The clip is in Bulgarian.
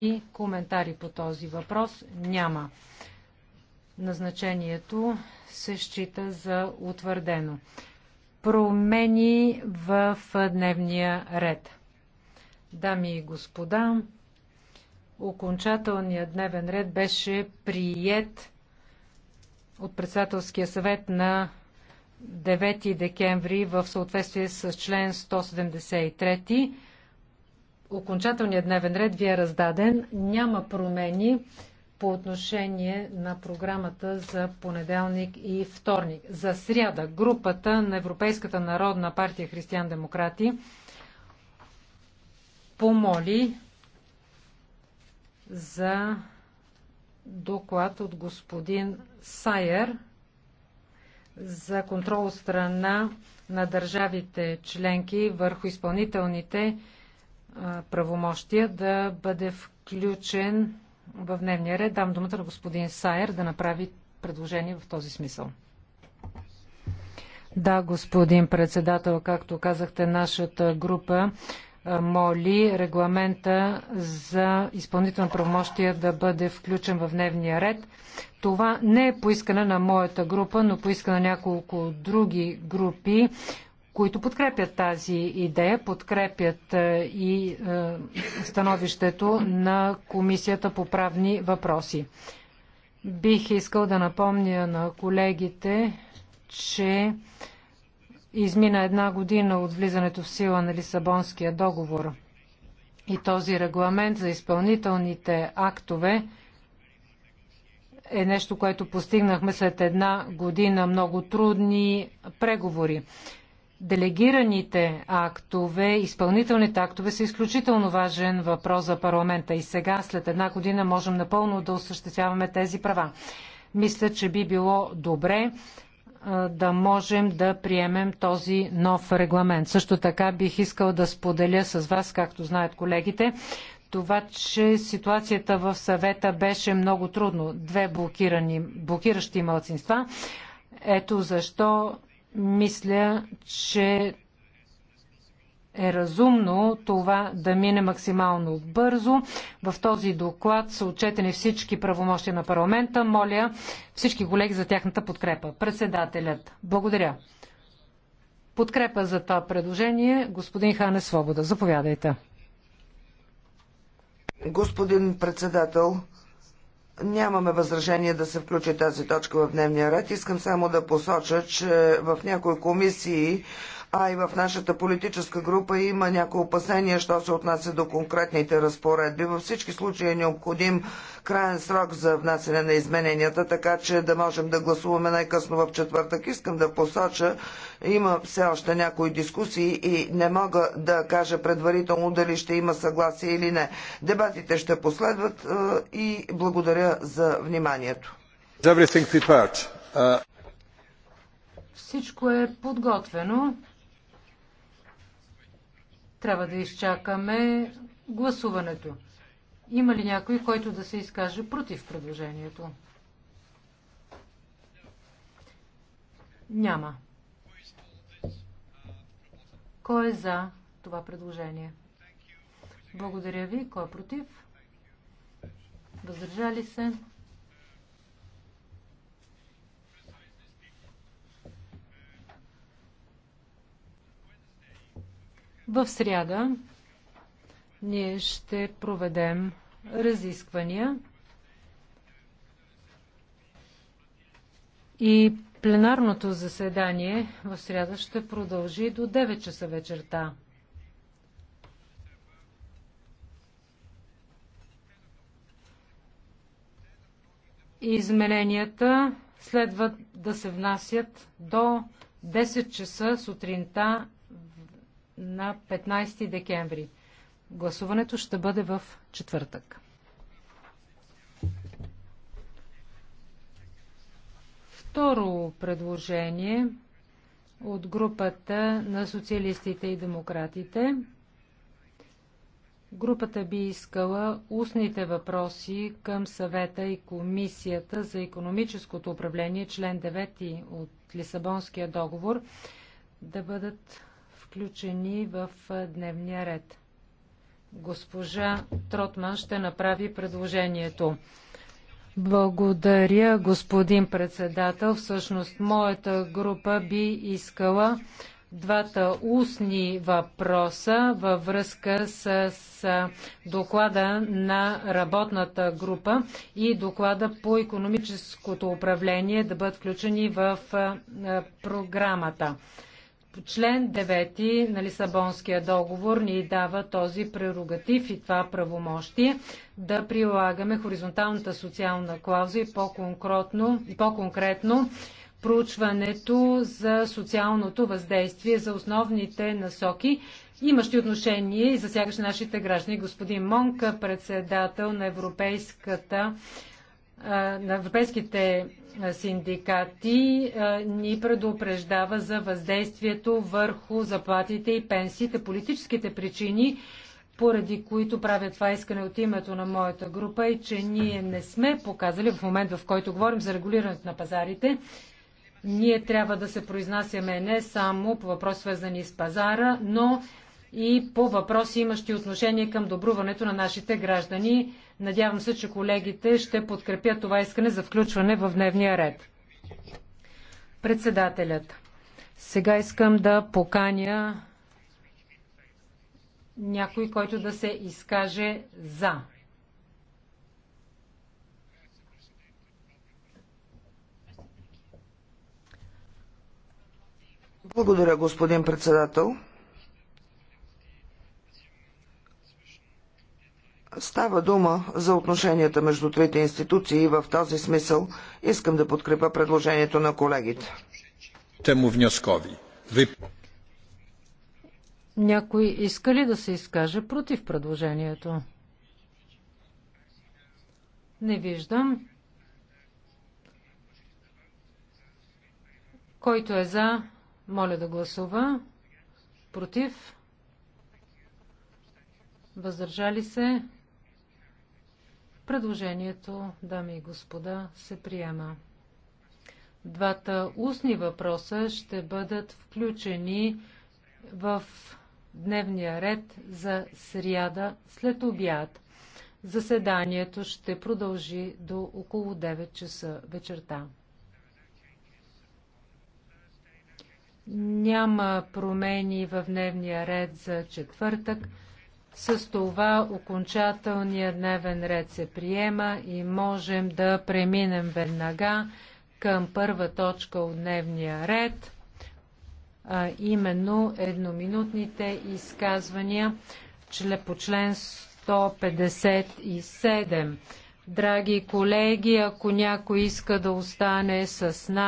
и коментари по този въпрос няма. Назначението се счита за утвърдено. Промени в дневния ред. Дами и господа, окончателният дневен ред беше прият от председателския съвет на 9 декември в съответствие с член 173 окончателният дневен ред ви е раздаден. Няма промени по отношение на програмата за понеделник и вторник. За сряда групата на Европейската народна партия Християн-демократи помоли за доклад от господин Сайер за контрол страна на държавите членки върху изпълнителните правомощия да бъде включен в дневния ред. Дам думата на господин Сайер да направи предложение в този смисъл. Да, господин председател, както казахте, нашата група моли регламента за изпълнително правомощие да бъде включен в дневния ред. Това не е поискане на моята група, но поиска на няколко други групи които подкрепят тази идея, подкрепят е, и е, становището на Комисията по правни въпроси. Бих искал да напомня на колегите, че измина една година от влизането в сила на Лисабонския договор и този регламент за изпълнителните актове е нещо, което постигнахме след една година много трудни преговори. Делегираните актове, изпълнителните актове са изключително важен въпрос за парламента и сега, след една година, можем напълно да осъществяваме тези права. Мисля, че би било добре да можем да приемем този нов регламент. Също така бих искал да споделя с вас, както знаят колегите, това, че ситуацията в съвета беше много трудно. Две блокирани, блокиращи малцинства. Ето защо мисля, че е разумно това да мине максимално бързо. В този доклад са отчетени всички правомощи на парламента. Моля всички колеги за тяхната подкрепа. Председателят, благодаря. Подкрепа за това предложение господин Хане Свобода. Заповядайте. Господин председател, Нямаме възражение да се включи тази точка в дневния ред. Искам само да посоча, че в някои комисии а и в нашата политическа група има някои опасения, що се отнася до конкретните разпоредби. Във всички случаи е необходим краен срок за внасяне на измененията, така че да можем да гласуваме най-късно в четвъртък. Искам да посоча, има все още някои дискусии и не мога да кажа предварително дали ще има съгласие или не. Дебатите ще последват е, и благодаря за вниманието. Uh, Всичко е подготвено. Трябва да изчакаме гласуването. Има ли някой, който да се изкаже против предложението? Няма. Кой е за това предложение? Благодаря ви. Кой е против? Въздържали се? В сряда ние ще проведем разисквания и пленарното заседание в сряда ще продължи до 9 часа вечерта. Измененията следва да се внасят до 10 часа сутринта на 15 декември. Гласуването ще бъде в четвъртък. Второ предложение от групата на социалистите и демократите. Групата би искала устните въпроси към съвета и комисията за економическото управление, член 9 от Лисабонския договор, да бъдат включени в дневния ред. Госпожа Тротман ще направи предложението. Благодаря, господин председател. Всъщност, моята група би искала двата устни въпроса във връзка с, с доклада на работната група и доклада по економическото управление да бъдат включени в а, програмата. Член 9 на Лисабонския договор ни дава този прерогатив и това правомощие да прилагаме хоризонталната социална клауза и по-конкретно, по-конкретно проучването за социалното въздействие за основните насоки, имащи отношение и засягащи нашите граждани. Господин Монка, председател на Европейската на европейските синдикати ни предупреждава за въздействието върху заплатите и пенсиите. Политическите причини, поради които правя това искане от името на моята група и е, че ние не сме показали в момент, в който говорим за регулирането на пазарите, ние трябва да се произнасяме не само по въпроси свързани с пазара, но и по въпроси, имащи отношение към добруването на нашите граждани. Надявам се, че колегите ще подкрепят това искане за включване в дневния ред. Председателят. Сега искам да поканя някой, който да се изкаже за. Благодаря, господин председател. Става дума за отношенията между трите институции и в този смисъл искам да подкрепя предложението на колегите. Тему вноскови. Ви... Някой иска ли да се изкаже против предложението? Не виждам. Който е за, моля да гласува. Против? Въздържали се? Предложението, дами и господа, се приема. Двата устни въпроса ще бъдат включени в дневния ред за сряда след обяд. Заседанието ще продължи до около 9 часа вечерта. Няма промени в дневния ред за четвъртък. С това окончателният дневен ред се приема и можем да преминем веднага към първа точка от дневния ред, а именно едноминутните изказвания по член 157. Драги колеги, ако някой иска да остане с нас,